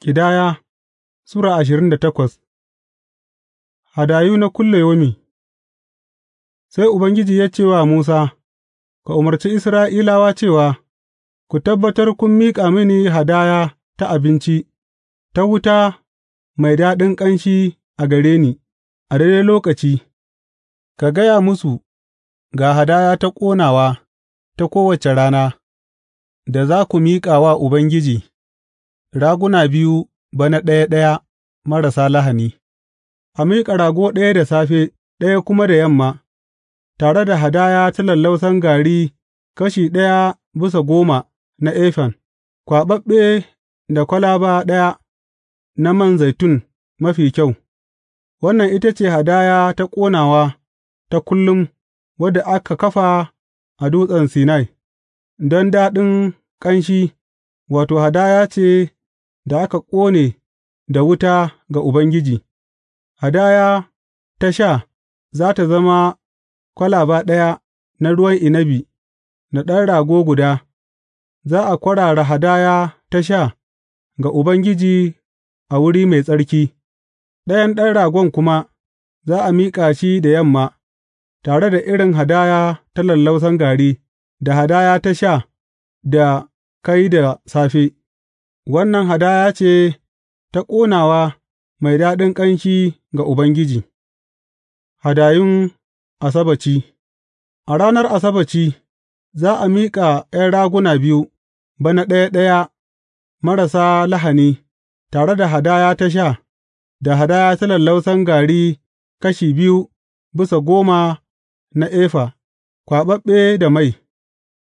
Ƙidaya Sura ashirin da takwas Hadayu na kulle yomi Sai Ubangiji ya ce wa Musa, Ka umarci Isra'ilawa cewa, Ku tabbatar kun miƙa mini hadaya ta abinci, ta wuta mai daɗin ƙanshi a gare ni, a daidai lokaci, ka gaya musu, Ga hadaya ta ƙonawa ta kowace rana, da za ku miƙa wa Ubangiji. raguna biyu bana ɗaya ɗaya marasa lahani, a miƙa rago ɗaya da safe, ɗaya kuma da yamma, tare da hadaya ta lallausan gari kashi ɗaya bisa goma na efan, kwaɓaɓɓe da kwalaba ɗaya na man zaitun mafi kyau. Wannan ita ce hadaya ta ƙonawa ta kullum wadda aka kafa a Dutsen Sinai, don daɗin ƙanshi, wato, hadaya ce da aka ƙone da wuta ga Ubangiji, hadaya ta sha za tă zama kwalaba ɗaya na ruwan inabi da ɗan rago guda, za a kwarara hadaya ta sha ga Ubangiji a wuri mai tsarki, ɗayan ɗan ragon kuma za a miƙa shi da yamma, tare da irin hadaya ta lallausan gari da hadaya ta sha da kai da safe. Wannan hadaya ce ta ƙonawa mai daɗin ƙanshi ga Ubangiji, hadayun Asabaci. A ranar Asabaci, za a miƙa ’yan raguna biyu, bana ɗaya ɗaya marasa lahani, tare da hadaya ta sha, da hadaya ta lallausan gari kashi biyu bisa goma na efa, kwaɓaɓɓe da mai,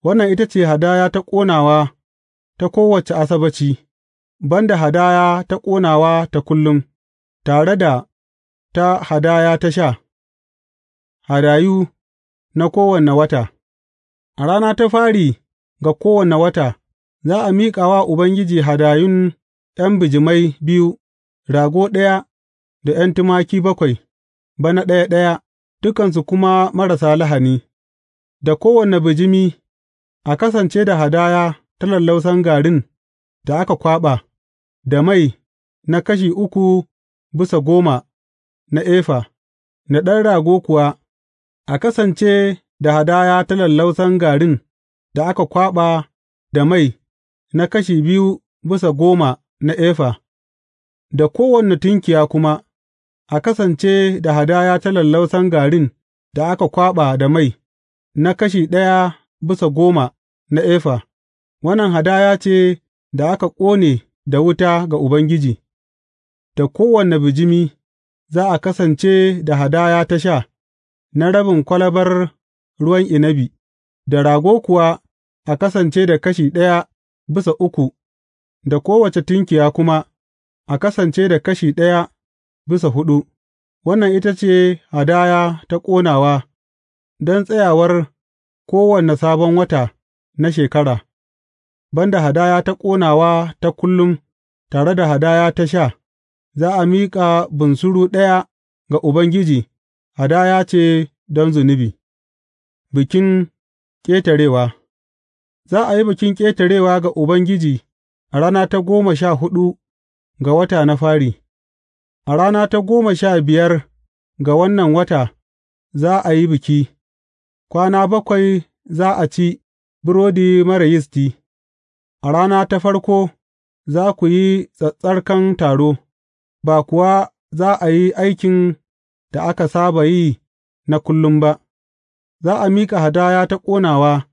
wannan ita ce hadaya ta ƙonawa. ta kowace Asabbaci, ban da hadaya ta ƙonawa ta kullum, tare da ta hadaya ta sha, hadayu na kowane wata, a rana ta fari ga kowane wata, za a miƙa wa Ubangiji hadayun ’yan bijimai biyu, rago ɗaya da ’yan tumaki bakwai, bana ɗaya ɗaya, dukansu kuma marasa lahani, da kowane bijimi a kasance da hadaya ta lallausan garin da aka kwaɓa, da mai na kashi uku bisa goma na efa, Na ɗan rago kuwa a kasance da hadaya ta lallausan garin da aka kwaɓa da mai na kashi biyu bisa goma na efa, da kowane tunkiya kuma a kasance da hadaya ta lallausan garin da aka kwaɓa da mai na kashi ɗaya bisa goma na efa. Wannan hadaya ce da aka ƙone da wuta ga Ubangiji, da kowane bijimi za a kasance da hadaya ta sha na rabin kwalabar ruwan inabi, da rago kuwa a kasance da kashi ɗaya bisa uku, da kowace tunkiya kuma a kasance da kashi ɗaya bisa huɗu, wannan ita ce hadaya ta ƙonawa don tsayawar kowane sabon wata na shekara. ban da hadaya ta ƙonawa ta kullum tare da hadaya ta sha, za a miƙa bunsuru ɗaya ga Ubangiji, hadaya ce don zunubi. Bikin Ƙetarewa Za a yi Bikin Ƙetarewa ga Ubangiji a rana ta goma sha huɗu ga wata na fari, a rana ta goma sha biyar ga wannan wata za a yi biki, kwana bakwai za a ci burodi mara yisti. A rana ta farko za ku yi tsattsarkan taro, ba kuwa za a yi aikin da aka saba yi na kullum ba, za a miƙa hadaya ta ƙonawa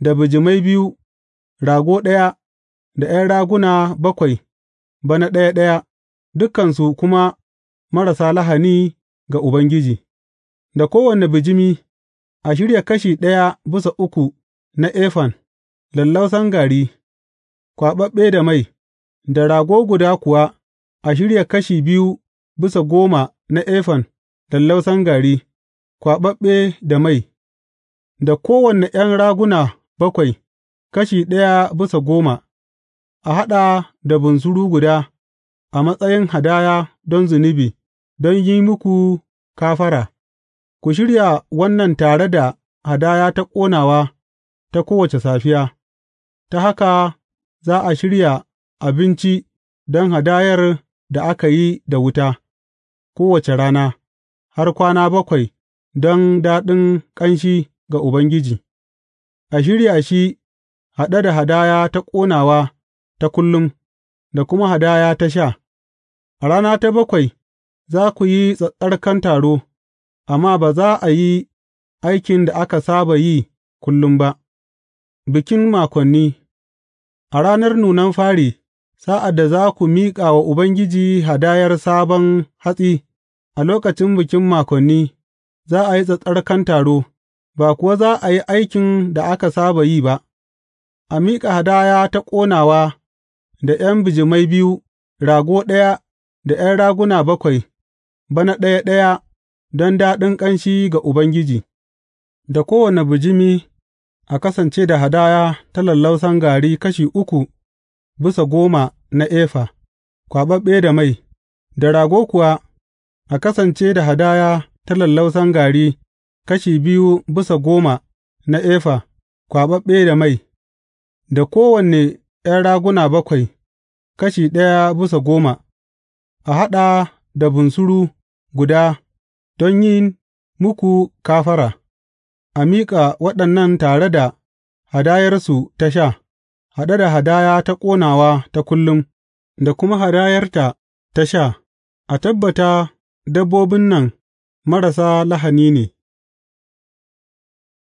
da bijimai biyu, rago ɗaya, da ’yan raguna bakwai, bana ɗaya ɗaya, dukansu kuma marasa lahani ga Ubangiji, da kowane bijimi, a shirya kashi ɗaya bisa uku na efan lallausan gari. kwaɓaɓɓe da mai, da rago guda kuwa a shirya kashi biyu bisa goma na efan lallausan gari, kwaɓaɓɓe da mai, da kowane ’yan raguna bakwai, kashi ɗaya bisa goma, a haɗa da bunsuru guda a matsayin hadaya don zunubi, don yi muku kafara, ku shirya wannan tare da hadaya ta ƙonawa ta kowace safiya, ta haka za a shirya abinci don hadayar da aka yi da wuta, kowace rana, har kwana bakwai don daɗin ƙanshi ga Ubangiji, a shirya shi haɗe da hadaya ta ƙonawa ta kullum, da kuma hadaya ta sha, a rana ta bakwai za ku yi tsattsarkan taro, amma ba za a yi aikin da aka saba yi kullum ba, bikin makonni. A ranar nunan fari, sa'ad da za ku miƙa wa Ubangiji hadayar sabon hatsi, a lokacin Bikin makonni za a yi tsattsarkan taro, ba kuwa za a yi aikin da aka saba yi ba, a miƙa hadaya ta ƙonawa da ’yan bijimai biyu, rago ɗaya da ’yan raguna bakwai, bana ɗaya ɗaya don daɗin ƙanshi ga Ubangiji, da kowane bijimi a kasance da hadaya ta lallausan gari kashi uku bisa goma na efa, kwaɓaɓɓe da mai, da rago kuwa a kasance da hadaya ta lallausan gari kashi biyu bisa goma na efa, kwaɓaɓɓe da mai, da kowanne ’yan raguna bakwai, kashi ɗaya bisa goma, a haɗa da bunsuru guda don yin muku kafara. a miƙa waɗannan tare da hadayarsu ta sha, haɗe da hadaya ta ƙonawa ta kullum, da kuma hadayarta ta sha, a tabbata dabbobin nan marasa lahani ne.